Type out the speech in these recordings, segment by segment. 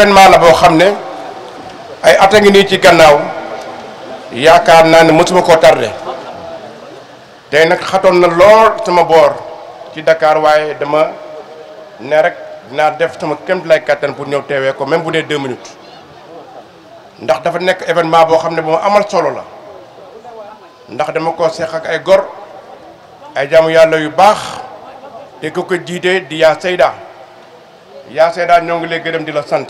événement la boo xam ne ay at a ngi nii ci gannaaw yaakaar naa ne mësuma koo tardé tey nag xatoon na lool sama boor ci Dakar waaye dama ne rek dinaa def sama kémt lay kattan pour ñëw teewee ko même bu dee deux minutes ndax dafa nekk événement boo xam bu amal solo la ndax dama ko seex ak ay gor ay jaamu yàlla yu baax te ku ko jiite di yaa Seyda yaa Seyda ñoo lay gërëm di la sant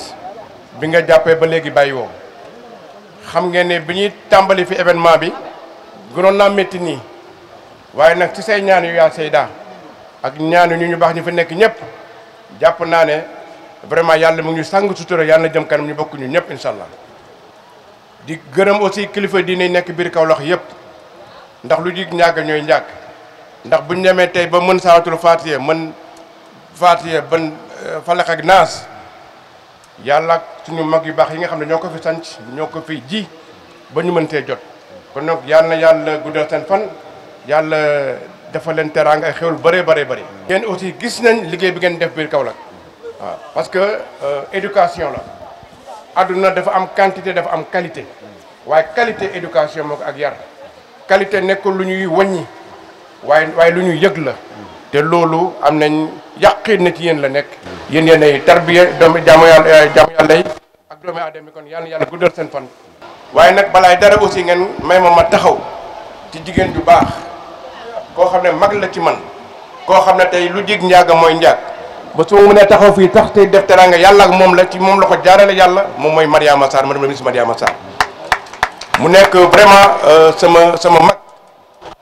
bi nga jàppee ba léegi bàyyi woo xam ngeen fi événement bi gënoon naa métti nii waaye nag ci say ñaan yu yaa Seyda ak ñaanu ñu ñu baax ñu fi nekk ñëpp jàpp naa ne vraiment yàlla mu ngi sàng sutura yàlla na jëm kanam ñu bokk ñu ñëpp incha allah di gërëm aussi kilifa diine nekk biir Kaolack yëpp ndax lu jig ñàgg ñooy ñàgg ndax bu ñu demee ba mën saawatul Faatiha mën Faatiha ban eh, falax ak naas yàlla ak ñu mag yu baax yi nga xam ne ñoo ko fi sanc ñoo ko fi ji ba ñu mëntee jot kon noog yàlla na yàlla guddal seen fan yàlla dafa leen teraanga xew xewul bëree bëree bëri ngeen aussi gis nañ liggéey bi ngeen def biir Kaolack waaw parce que euh, éducation la adduna dafa am quantité dafa am qualité waaye qualité éducation moo ak yar qualité nekkul lu ñuy wàññi waaye waaye lu ñuy yëg la te loolu am nañ yàqin na ci la nekk yéen yéen ay tarbiya doomi jaamu yàlla jaamu yàlla ak doomi aadama kon yàlla yàlla guddal seen fan waaye nag balaay dara aussi ngeen may ma ma taxaw ci jigéen ju baax koo xam mag la ci man koo xam ne lu jig ba su mu ne taxaw tax def ak la ci la ko jaarale madame la mu vraiment euh, sama sama mag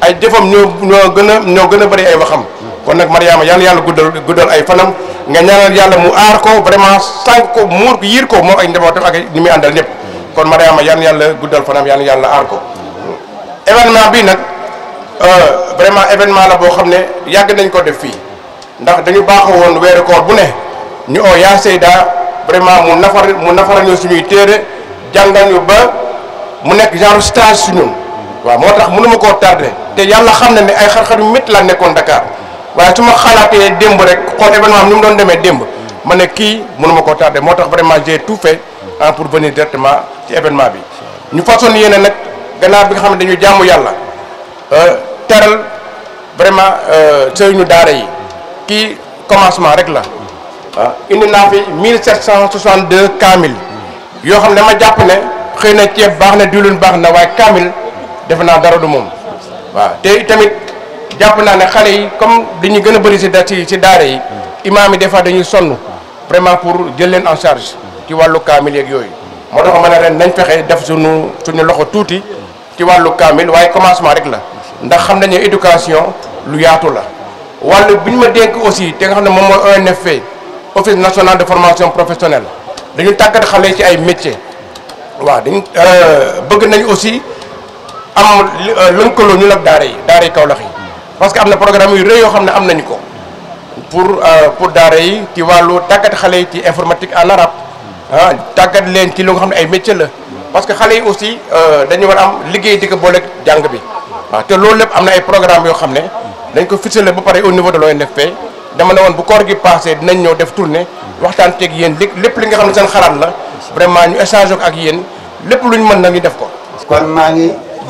ay jëfam ñoo gën a ñoo gën a bëri ay waxam kon nag Mariama yàlla yàlla guddal guddal ay fanam nga ñaanal yàlla mu aar ko vraiment sànq ko muur ko yiir ko moom ay njabootam ak ni muy àndal ñëpp kon Mariama yàlla yàlla guddal fanam yàlla yàlla aar ko événement bi nag euh, vraiment événement la boo xam ne yàgg nañ ko def fii ndax dañu baaxoo woon weeru koor bu ne ñu oo yaa Seyda vraiment mu nafar mu nafara ñu suñuy téere jàngal ñu ba mu nekk genre stage suñu waaw moo tax mënuma koo tardé te yàlla xam na ne ay xar-xar yu métti laa nekkoon ndakaar waaye su ma xalaatee démb rek xool événement am nu mu doon demee démb ma ne kii mënuma ko tardé moo tax vraiment j'ai tout fait ah pour venir directement ci événement bi. ñu façon yéene nag ganaar bi nga xam ne dañu jaamu yàlla euh, teral vraiment euh, sëriñu daara yi kii commencement rek la ah indi naa fi 1762 kaamil yoo xam ne ma jàpp ne xëy na ceeb baax na diwlin baax na waaye kaamil defe naa dara du moom. waaw te tamit jàpp naa ne xale yi comme dañuy gën a bëri si da ci daara yi imaam yi des dañuy sonn vraiment pour jël leen en charge ci wàllu kaamil yeeg yooyu moo tax ma ne ren nañ fexe def suñu suñu loxo tuuti ci wàllu kaamil waaye commencement rek la ndax xam nañu éducation lu yaatu la wàllu bi ñu ma dénk aussi te nga xam ne moom mooy ONFP office national de formation professionnelle dañu tàggat xale ci ay métiers waaw dañ euh, bëgg nañ aussi am euh, lënkaloo ñu nag daara yi daara yi Kaolack yi parce que am na programme yu rëy yoo xam ne am nañu ko pour euh, pour daara yi ci wàllu tàggat xale yi ci informatique en arabe ah tàggat leen ci lu nga xam ne ay métier la parce que xale yi aussi euh, dañu war am liggéey di ko booleeg jàng bi waaw ah, te loolu lépp am na ay programme yoo xam ne dañ ko ficelé ba pare au niveau de l'ONFP dama ne woon bu koor gi passé dinañ ñëw def tournée waxtaan ceeg yéen lépp li nga xam ne seen xalaat la vraiment ñu échange ak yéen lépp lu ñu mën na ñu def ko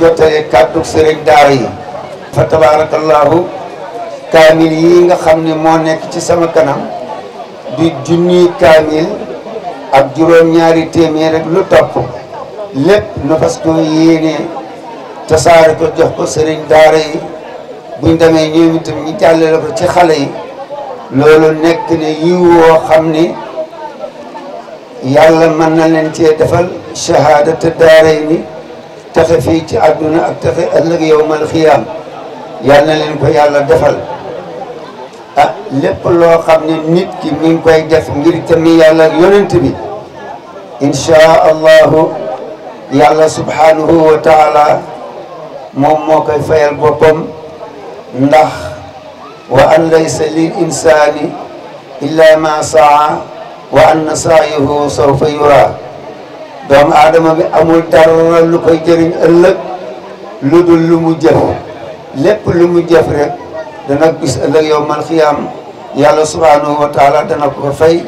jottale kàddu sëriñ daara yi fa tabarakallahu kaamil yi nga xam ne moo nekk ci sama kanam di junni kaamil ak juróom-ñaari téeméer rek lu topp lépp nu ko yéene tasaare ko jox ko sëriñ daara yi buñ demee ñoom itam ñu jàllale ko ci xale yi loolu nekk ne yiw woo xam ne yàlla mën na leen cee defal shahaadata daara yi ni texe fii ci àdduna ak texe ëllëg yawmal xiyaam yal na leen ko yàlla defal ah lépp loo xam ne nit ki mi ngi koy def ngir tamit yàlla ak yonent bi insha allahu yàlla subhanahu wa taala moom moo koy fayal boppam ndax wa an laysa lil insaani illa ma saa wa anna saayahu sawfa yuraa doomu aadama bi amul dara lu koy jëriñ ëllëg lu dul lu mu jëf lépp lu mu jëf rek dana gis ëllëg yow mal xiyaam yàlla subhaanahu wa taala dana ko ko fay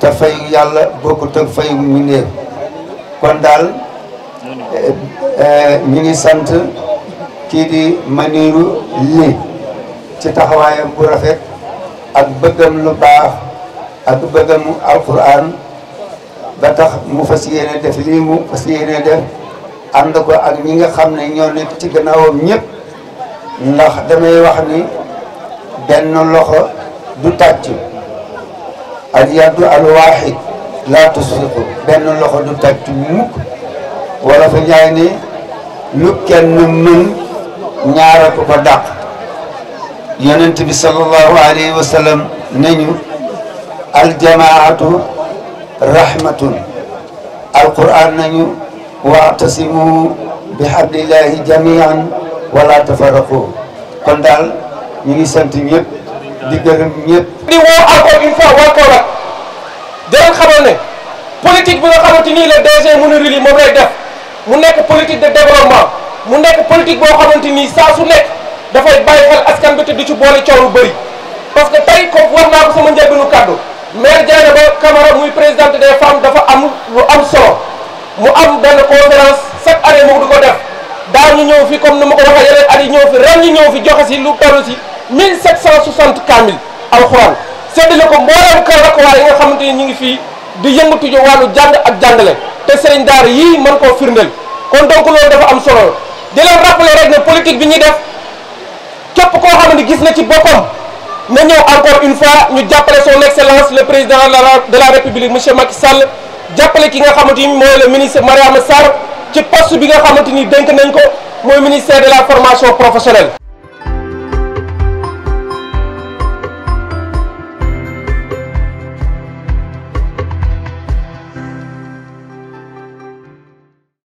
te fayu yàlla bokkut ak fayu mu néew kon daal eh, ñu ngi sant kii di maniru li ci taxawaayam bu rafet ak bëggam lu baax ak bëggamu alquran ba tax mu fas yéene def lii mu fas yéene def ànd ko ak ñi nga xam ne ñoo nekk ci gannaawam ñëpp ndax damay wax ni benn loxo du tàcc al yaddu al waaxid laa tusfiqu benn loxo du tàcc mukk wala fa ñaay ni lu kenn mën ñaara ko ko dàq yonent bi sallallahu alayhi wa sallam nañu al jamaatu rahmatun alquran nañu wa'tasimu bi hablillahi jami'an wala tafarraqu kon daal ñu ngi sant ñëpp di gërëm ñëpp di woo encore une fois wa Kaolack di leen xamal ne politique bi nga xamante nii la DG Mounirou Ly moom lay def mu nekk politique de développement mu nekk politique boo xamante nii saa su nekk dafay bàyyi xel askan bi te du ci boole coow lu bëri parce que tey ko war naa ko sama njëlbeenu kàddu mère Dieynaba Camara muy présidente des femmes dafa am lu am solo mu am benn conférence chaque année mu du ko def daaw ñu ñëw fi comme ni ma ko waxee yeneen at ñëw fi ren ñu ñëw fi joxe si lu toll si 1760 kaamil alxuraan séddale ko mbooleem kër rakwaay yi nga xamante ñu ngi fii di yëngatu ci wàllu jàng ak jàngale te sëriñ daara yii mën koo firndeel kon donc loolu dafa am solo di leen rappeler rek ne politique bi ñuy def képp koo xam gis na ci boppam. Nous, encore une fois nous rappelle son excellence le président de la république M. Macky Sall jàppale ki nga le ministre Mariama Sall, qui est bi nga ministère de la formation professionnelle.